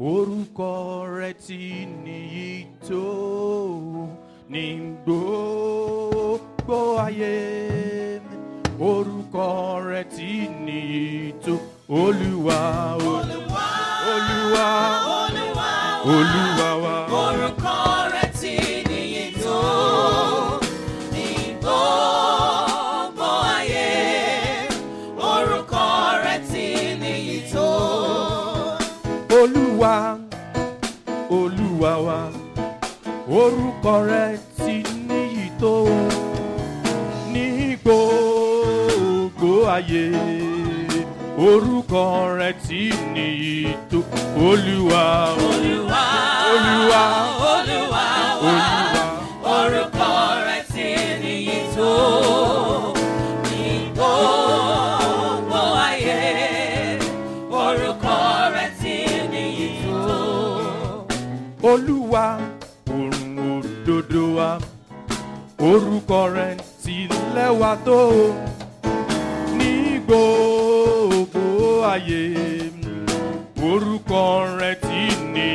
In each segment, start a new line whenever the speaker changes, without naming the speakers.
orúkọ rẹ ti níyì tó ní gbogbo ayé orúkọ rẹ ti níyì tó olúwa
olúwa olúwa
olúwa.
orúkọ rẹ ti níyì tó ní gbogbo ayé orúkọ rẹ ti níyì tó olúwa olúwa
olúwa olúwa olúwa.
orúkọ rẹ̀ ti lẹ́wà tó ní gbogbo ayé orúkọ rẹ̀ ti ní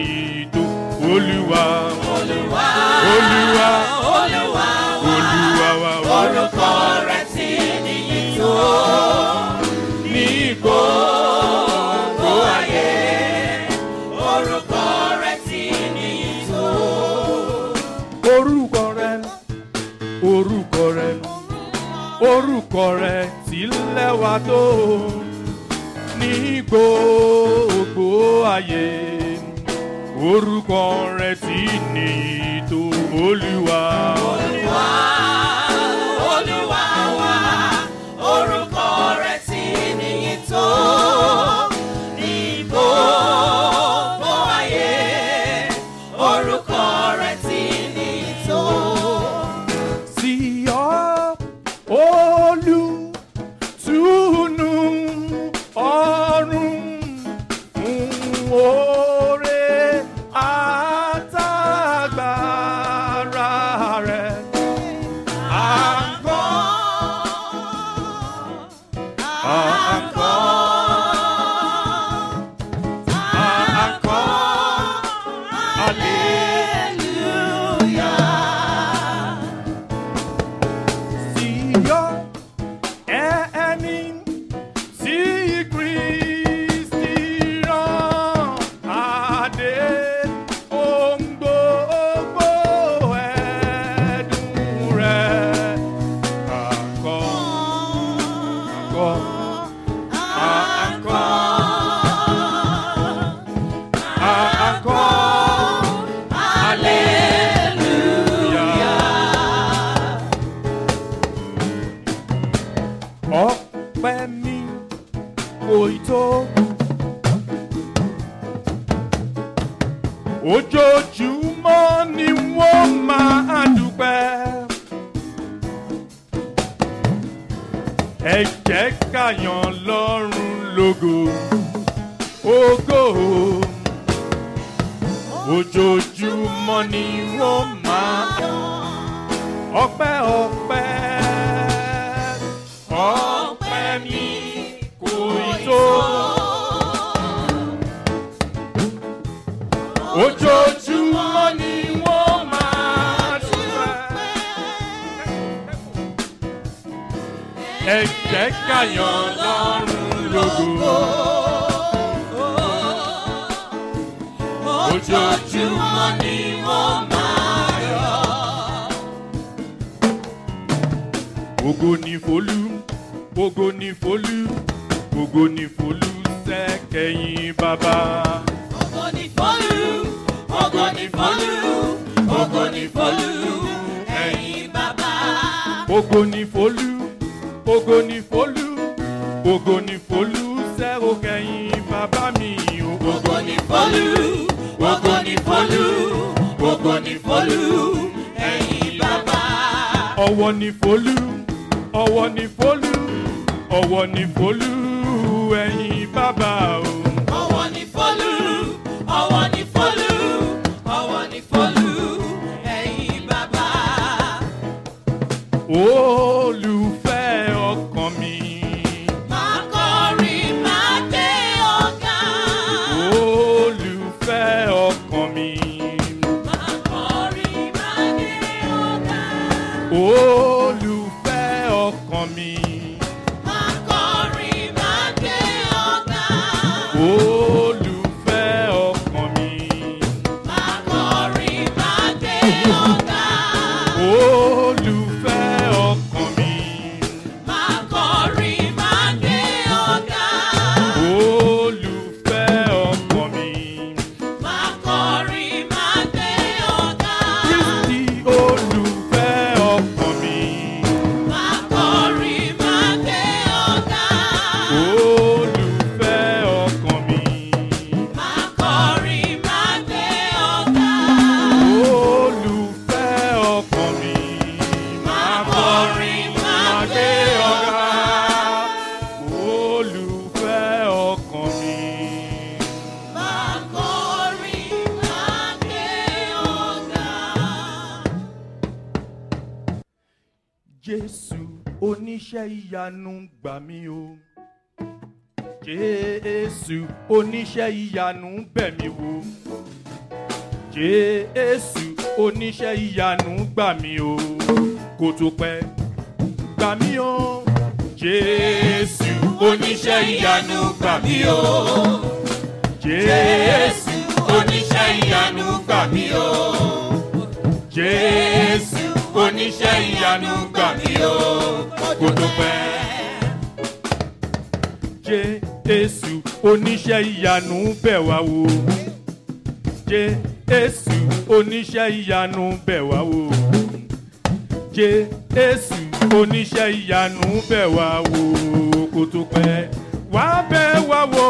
ìdó olúwa olúwa olúwa. orúkọ rẹ ti lẹ́wà tó ní gbogbo ayé orúkọ rẹ ti nìyí tó olúwa. ojoojúmọ́ ni ó máa ọpẹ́
ọpẹ́ ọpẹ́ mi kò tó.
ojoojúmọ́ ni ó máa dúpẹ́. ẹ jẹ́ ká lọ́rùn
lógo. ojoojúmọ́ ni mo máa yọ.
ògo ni folu ògo ni folú ògo ni folú sẹ́kẹ̀yìn bàbá. ògo ni folú ògo ni folú ògo ni folu ẹ̀yìn bàbá. ògo ni folú ògo ni folú ògo ni folú sẹ́kẹ̀yìn bàbá mi. ògo ni folú ògo ni fọlú ògo ni fọlú ẹ̀yin bàbá. ọwọ́ ni fọlú ọwọ́ ni fọlú ọwọ́ ni fọlú
ẹ̀yin bàbá o.
ọwọ́ On me. oníṣẹ́ ìyanu gbà mí o jésù oníṣẹ́ ìyanu bẹ̀ mí wò jésù oníṣẹ́ ìyanu gbà mí o kò tó pẹ́ gbà mí o jésù oníṣẹ́ ìyanu gbà mí o jésù oníṣẹ́ ìyanu gbà mí o jésù oníṣẹ́ ìyanu gbà mí o kò tó pẹ́. jésù oníṣẹ́ ìyanu bẹ̀ wá wò jésù oníṣẹ́ ìyanu bẹ̀ wá wò jésù oníṣẹ́ ìyanu bẹ̀ wá wò kò tó pẹ́ wá
bẹ̀ wá wò.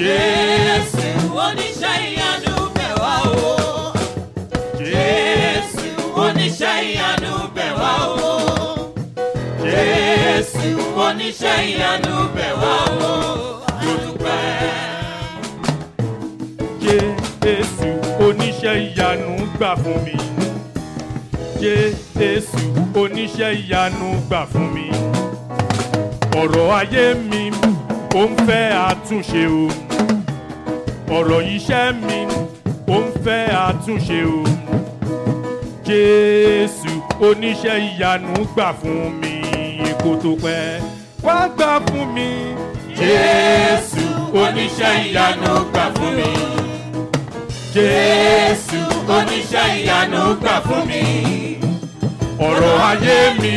jésù oníṣẹ́ ìyanu bẹ̀ wá wò. jésù oníṣẹ́ ìyanu bẹ̀ wá o. Jésù oníṣẹ́ ìyanu bẹ̀ wá o. Lọ́dúpẹ́. Jésù
oníṣẹ́ ìyanu gbà fún mi. Jésù oníṣẹ́ ìyanu gbà fún mi. Ọ̀rọ̀ ayé mi ó ń fẹ́ àtúnṣe o. Ọ̀rọ̀ iṣẹ́ mi ó ń fẹ́ àtúnṣe o jésù oníṣẹ́ ìyanu gbà fún mi kó tó pẹ́ wá gbà fún mi jésù oníṣẹ́ ìyanu gbà fún mi jésù oníṣẹ́ ìyanu gbà fún mi ọ̀rọ̀ ayé mi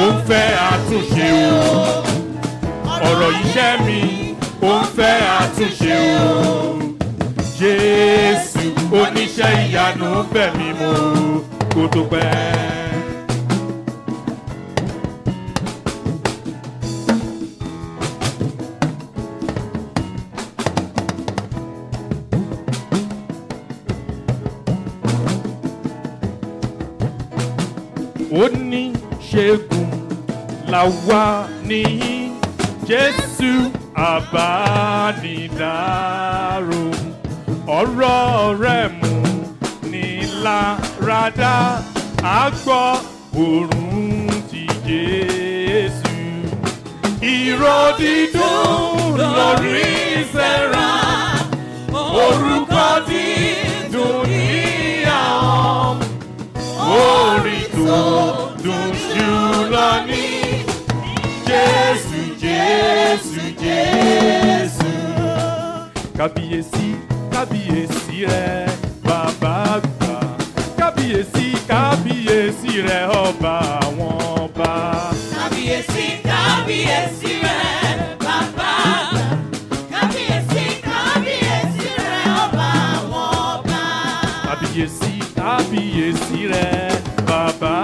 ò ń fẹ́ àtúnṣe o ọ̀rọ̀ iṣẹ́ mi ò ń fẹ́ àtúnṣe o jésù oníṣẹ́ ìyanu bẹ̀mí mo kó tó pẹ́. oníṣègùn la wà níyìn jésù àbánidárò ọ̀rọ̀ rẹ̀ mú ni láradá a gbọ́ òórùn ti Jésù. Ìró dídùn
lórí ìsẹ̀ra, orúkọ dídùn ní àwọn orin tó dùn jùlọ ní Jésù Jésù
Jésù. Kábíyèsí. kábíyèsí rẹ bàbá kábíyèsí kábíyèsí rẹ ọba
àwọn kábíyèsí kábíyèsí rẹ bàbá kábíyèsí
kábíyèsí rẹ ọba
kábíyèsí kábíyèsí rẹ bàbá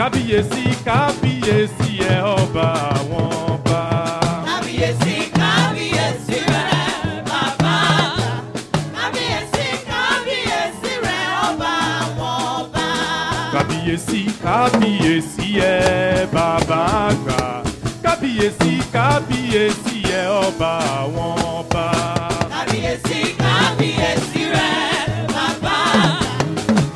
kábíyèsí kábíyèsí rẹ ọba ọba kábíyèsí kábíyèsí
ẹ ọba àwọn ọba. kábíyèsí kábíyèsí rẹ bàbá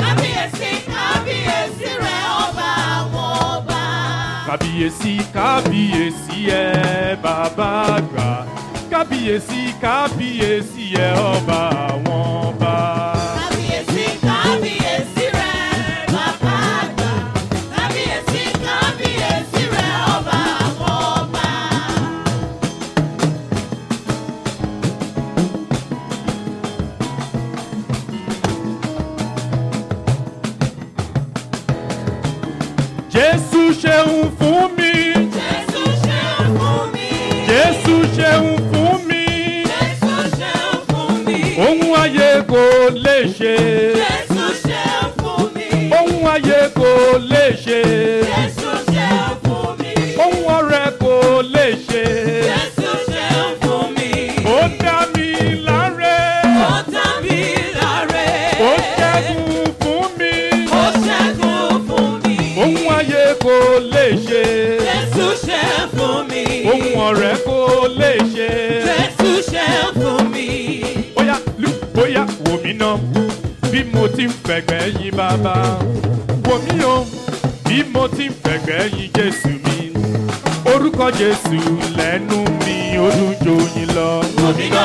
kábíyèsí kábíyèsí rẹ ọba àwọn ọba.
kábíyèsí kábíyèsí ẹ bàbá àgbà kábíyèsí kábíyèsí ẹ ọba àwọn ọba. ṣeun fún mi. Jésù ṣeun fún mi. Ohun ayé kò lè ṣe. Jésù ṣeun fún mi. Ohun ayé kò lè ṣe. bàbá wò mí o bí mo ti ń fẹ̀gbẹ́ yìn Jésù mi orúkọ Jésù lẹ́nu mi ó
dùn jòyìn lọ. wò mí o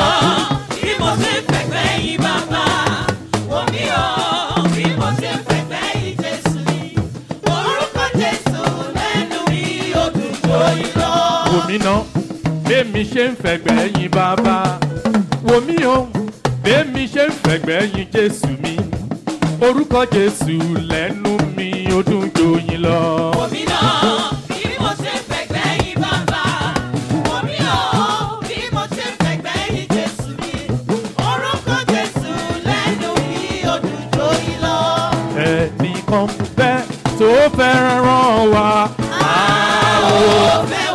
bí mo ti ń fẹ̀gbẹ́ yìn bàbá
wò bí mo ti ń fẹ̀gbẹ́ yìn Jésù mi orúkọ Jésù lẹ́nu mi ó dùn lọ.
wò bẹ́ẹ̀mi ṣe ń fẹ̀gbẹ́ yìn bàbá wò bẹ́ẹ̀mi ṣe ń fẹ̀gbẹ́ yìn Jésù mi orúkọ jésù lẹ́nu mi ó dùn lọ.
omi bí mo ṣe fẹ̀gbẹ́ yín bàbá omi náà bí mo ṣe fẹ̀gbẹ́ yín jésù mi orúkọ jésù lẹ́nu
mi ó dùn jòyìn lọ. ẹnìkan fẹ́ tó fẹ́ràn
wa. àwọn fẹ́.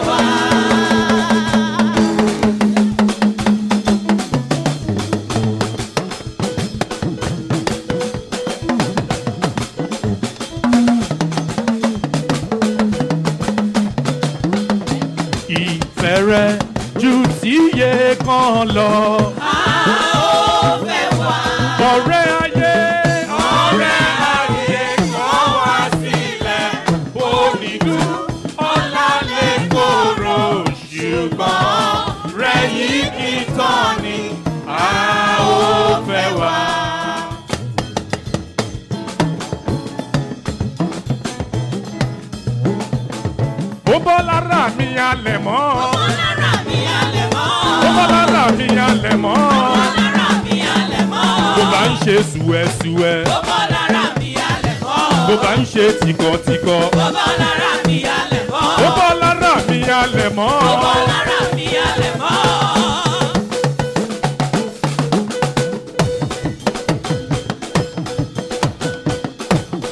alẹ̀ mọ́. owó lára mi alẹ̀ mọ́. owó lára mi alẹ̀ mọ́. owó lára mi alẹ̀ mọ́. bó bá ń ṣe sùwẹ́sùwẹ́. owó lára mi alẹ̀ mọ́. bó bá ń ṣe tìkọ̀tìkọ̀. owó lára mi alẹ̀ mọ́.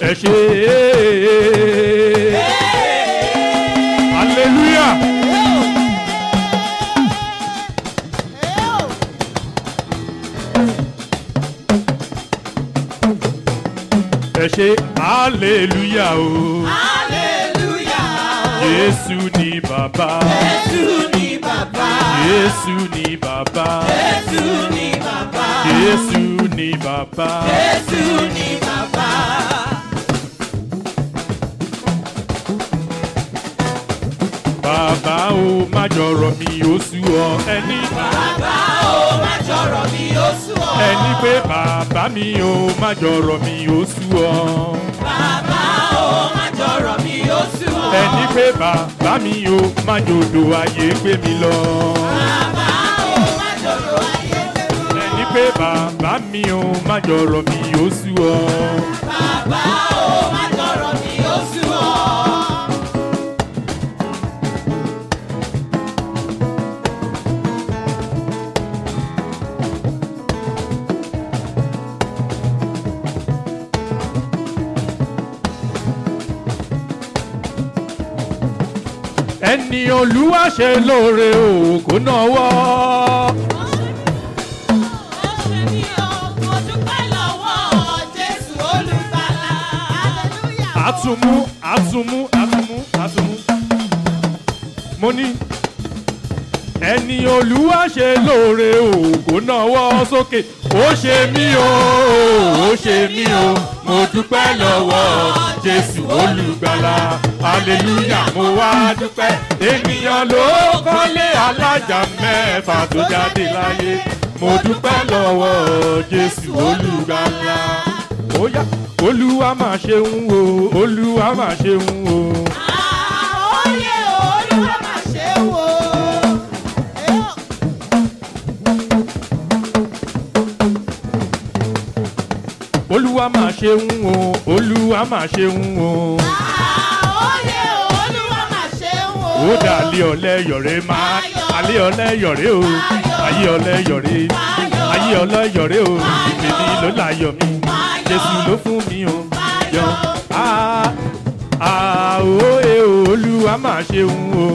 ẹ ṣe é. aleluya o. aleluya Yesu ni baba. Yesu ni baba. Yesu ni baba. Yesu ni baba. Yesu ni baba.
Jésù ni bàbá.
Bàbá o má jọ̀rọ̀ mi ó sú ọ ẹni. Bàbá o má jọ̀rọ̀ mi ó sú ọ. Ẹni pé bàbá mi o má jọ̀rọ̀ mi ó sú ọ. Bàbá ẹni pé bàbá mi o má jòdò ayé gbé mi lọ. bàbá o má jòdò ayé gbé mi lọ. ẹni pé bàbá mi o má jọ̀rọ̀
mi yóò sú bàbá o.
ẹni olúwa lóore o
náwó.
atumu atumu atumu atumu mo ní ẹni olúwa lóore o kò náwó sókè ó ṣe mí o ó ṣe mí o mo dúpẹ́ lọ́wọ́ jésù olùgbàlà hallelujah mo wá dúpẹ́ ènìyàn ló kọ́lé alájà mẹ́fà tó jáde láyé mo dúpẹ́ lọ́wọ́ jésù
olùgbàlà
ó yá olúwa mà ṣeun o olúwa mà ṣeun o. wo,
olúwa mà ṣeun o. olúwa
olúwa mà ṣeun o. Ah! ó dà alẹ́ ọ̀lẹ́ yọ̀rẹ́ máa alẹ́ ọ̀lẹ́ yọ̀rẹ́ o ayé ọ̀lẹ́ yọ̀rẹ́ ayé ọ̀lẹ́ yọ̀rẹ́ o èmi ló láyọ̀ mi Jésù ló fún mi o yọ àá àá òye Olúwa máa ṣeun o.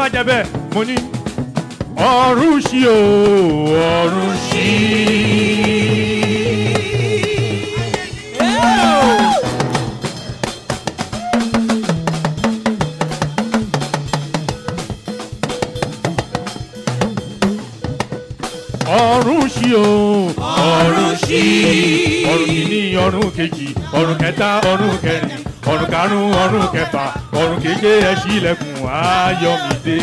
bá jẹ bẹ́ẹ̀ mo ní. ọ̀run ṣí o ọ̀run ṣí. ọ̀run ṣí o. ọ̀run ṣí. ọ̀run kìíní ọ̀run kejì ọ̀run kẹta ọ̀run kẹrin ọ̀run kanu, ún ọ̀run kẹfà ọ̀run keje ẹ ṣílẹ̀kùn ayọ̀mídé.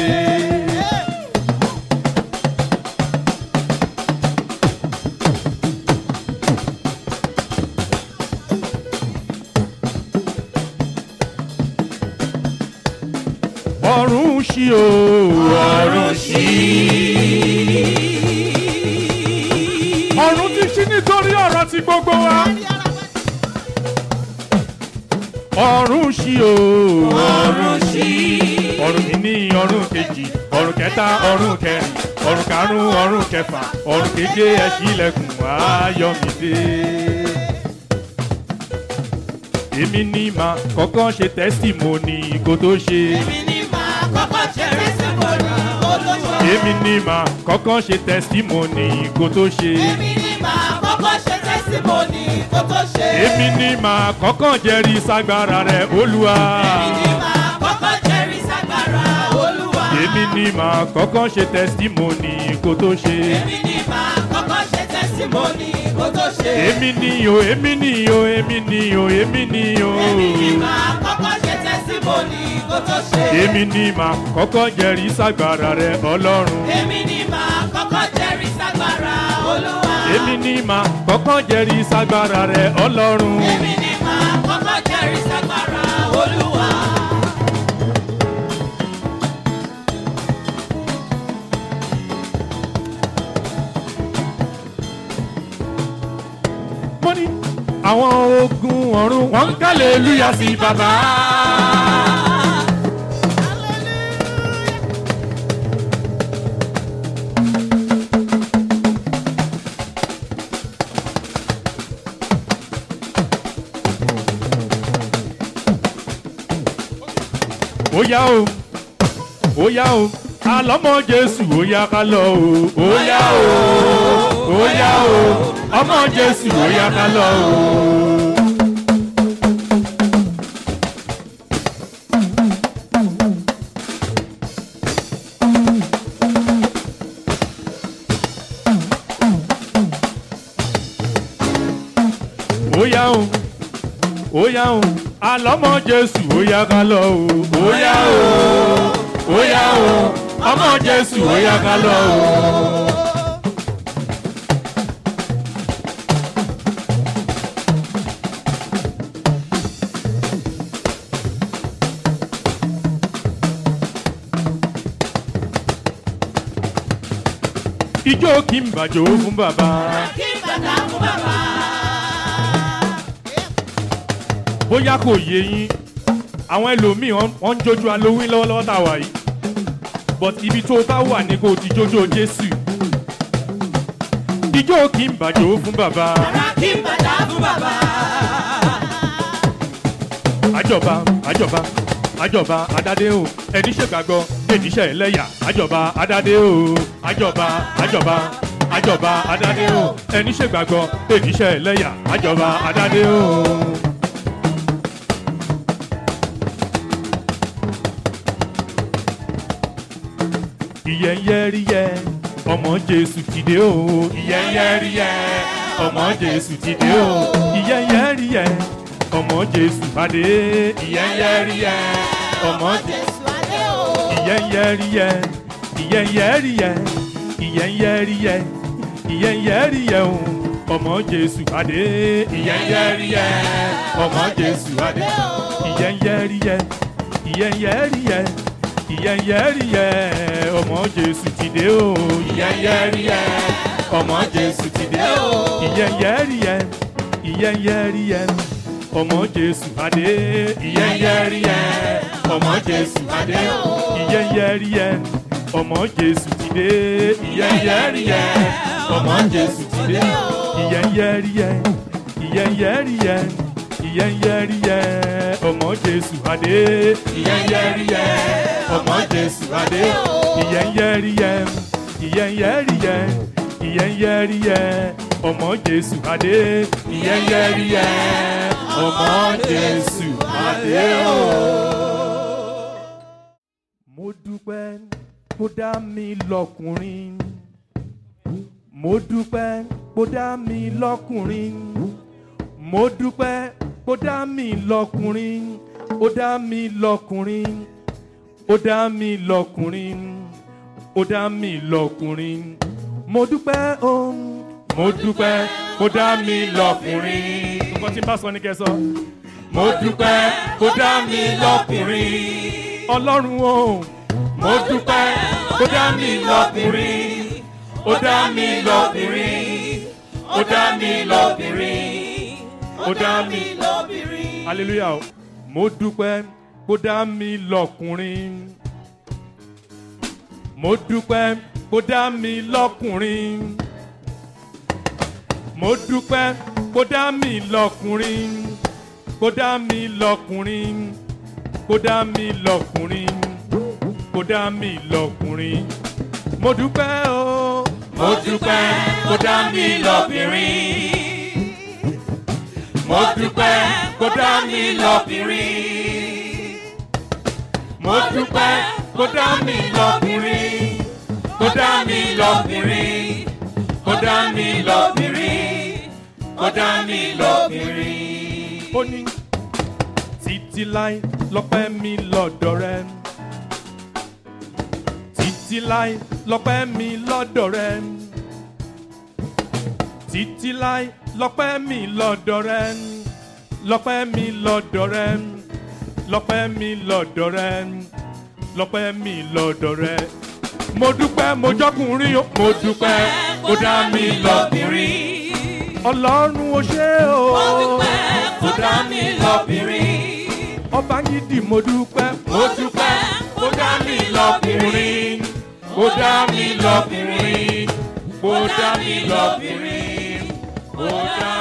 ọ̀run ṣí o ọ̀run ṣí ṣí o. ọ̀run ṣí. ọ̀run kìíní ọ̀run kejì ọ̀run kẹta ọ̀run kẹrin ọ̀run karùn-ún ọ̀run kẹfà ọ̀run keje ẹ ṣílẹ̀kùn Ayọ̀mídé. èmi ni màá kọ́kọ́ ṣe tẹ́sítímọ́nì kó tó ṣe. èmi ni
màá kọ́kọ́ ṣe
tẹ́sítímọ́nì kó tó ṣe. èmi ni màá kọ́kọ́ ṣe tẹ́sítímọ́nì kó tó ṣe. èmi ni màá kọ́kọ́ ṣe tẹ́sítímọ́nì kó tó ṣe. èmi ni màá kọ́kọ́ jẹ́rìí ságbára rẹ̀ olúwa. èmi ni màá
kọ́kọ́ jẹ́rìí ságbára
olúwa. èmi ni màá kọ́kọ́ ṣe tẹ́sítímọ́nì kó tó ṣe. èmi ni
màá kọ́kọ́ ṣe
tẹ́sítímọ́nì kó tó ṣe. èmi ni yo èmi ni yo èmi ni yo èmi ni yo. èmi ni màá
kọ́kọ́ ṣe tẹ́sítímọ́nì kó tó ṣe.
èmi ni màá kọ́kọ́ jẹ́rìí ságbára rẹ̀ ọlọ́run. èmi ni èmi ni màá kọ́kọ́ jẹ́rìí sagbára rẹ ọlọ́run.
èmi ni màá kọ́kọ́ jẹ́rìí
sagbára olúwa.
mo ní àwọn ogun ọ̀run wọn ń kálẹ̀ lùyà sí bàbá. yá o ó yá o àlọ́mọ jésù ó yá ká lọ o ó yá o ó yá o ọmọ jésù ó yá ká lọ o. ọmọ jésù ó yá ká lọ o ó yá o ó yá o ọmọ jésù ó yá ká lọ o. ijó kí n bàjọ́ fún bàbá.
kí n bàtà mọ́.
bóyá kò yé yín àwọn ẹlòmíì wọ́n ń jójú Halloween lọ́wọ́lọ́wọ́ tá a wà yìí but ibi tó bá wà ní kò ti jójó Jésù ijó kì í bàjọ́ fún bàbá. bàbá kì í bàjá fún bàbá. àjọba àjọba àjọba adádé o ẹni ṣègbàgbọ́ ẹni ṣe ẹlẹ́yà àjọba adádé o àjọba àjọba àjọba adádé o ẹni ṣègbàgbọ́ ẹni ṣe ẹlẹ́yà àjọba adádé o. ìyẹ́yẹ́ríyẹ́ ọmọ Jésù ti dé o ìyẹ́yẹ́ríyẹ́ ọmọ Jésù ti dé o ìyẹ́yẹ́ríyẹ́ ọmọ Jésù pàdé ìyẹ́yẹ́ríyẹ́ ọmọ Jésù pàdé o ìyẹ́yẹ́ríyẹ́ ìyẹ́yẹ́ríyẹ́ ìyẹ́yẹ́ríyẹ́ ìyẹ́yẹ́ríyẹ́ o ọmọ Jésù pàdé ìyẹ́yẹ́ríyẹ́ ọmọ Jésù pàdé ìyẹ́yẹ́ríyẹ́ ìyẹ́yẹ́ríyẹ́ ìyẹ́yẹ́rìyẹ́ ọmọ jésù ti dé o. ìyẹ́yẹ́rìyẹ́ ọmọ jésù ti dé o. ìyẹ́yẹ́rìyẹ́ ìyẹ́yẹ́rìyẹ́ ọmọ jésù adé. ìyẹ́yẹ́rìyẹ́ ọmọ jésù adé o. ìyẹ́yẹ́rìyẹ́ ọmọ jésù ti dé. ìyẹ́yẹ́rìyẹ́ ọmọ jésù ti dé o. ìyẹ́yẹ́rìyẹ́ ìyẹ́yẹ́rìyẹ́ ìyẹ́nyẹ́ríyẹ́ ọmọ Jésù adé. ìyẹ́nyẹ́ríyẹ́ ọmọ Jésù adé. ìyẹ́nyẹ́ríyẹ́ ìyẹ́nyẹ́ríyẹ́ ìyẹ́nyẹ́ríyẹ́ ọmọ Jésù adé. ìyẹ́nyẹ́ríyẹ́ ọmọ Jésù adé o.
mo dúpẹ́
kó dá mi lọ́kùnrin mo dúpẹ́ kó dá mi lọ́kùnrin mo dúpẹ́ ó dá mi lọ́kùnrin ó dá mi lọ́kùnrin ó dá mi lọ́kùnrin ó dá mi lọ́kùnrin mo dúpẹ́ o mo dúpẹ́ ó dá mi lọ́kùnrin. nǹkan tí n bá sọ ni kẹ́ mo dúpẹ́ ó dá mi lọ́kùnrin. ọlọ́run o. mo dúpẹ́ ó dá mi lọ́kùnrin ó dá mi lọ́kùnrin
ó dá mi lọ́kùnrin ó dá mi lóbìnrin.
hallelujah o mo dúpẹ́ kó dá mi lọ́kùnrin. mo dúpẹ́ kó dá mi lọ́kùnrin. mo dúpẹ́ kó dá mi lọ́kùnrin. kó dá mi lọ́kùnrin. kó dá mi lọ́kùnrin. kó dá mi lọ́kùnrin. mo dúpẹ́ o. mo dúpẹ́ kó dá mi
lọ́bìnrin mo dúpẹ́ kó dá mi lọ́bìnrin mo dúpẹ́ kó dá mi lọ́bìnrin kó dá mi lọ́bìnrin kó dá mi lọ́bìnrin kó dá mi lọ́bìnrin. ó ní
títí láì lọ́pẹ́ mi lọ́dọ̀ rẹ títí láì lọ́pẹ́ mi lọ́dọ̀ rẹ títí láì lọ́pẹ́ mi lọ́dọ̀ rẹ lọ́pẹ́ mi lọ́dọ̀ rẹ lọ́pẹ́ mi lọ́dọ̀ rẹ lọ́pẹ́ mi lọ́dọ̀ rẹ. mo dúpẹ́ mo jọ́kùnrin o mo dúpẹ́ ó dá mi lọ́bìnrin. ọlọ́run o ṣé o mo dúpẹ́ ó dá mi lọ́bìnrin. ọba gidi mo dúpẹ́ mo dúpẹ́ ó dá mi lọ́bìnrin
ó dá mi lọ́bìnrin ó dá mi lọ́bìnrin.
我。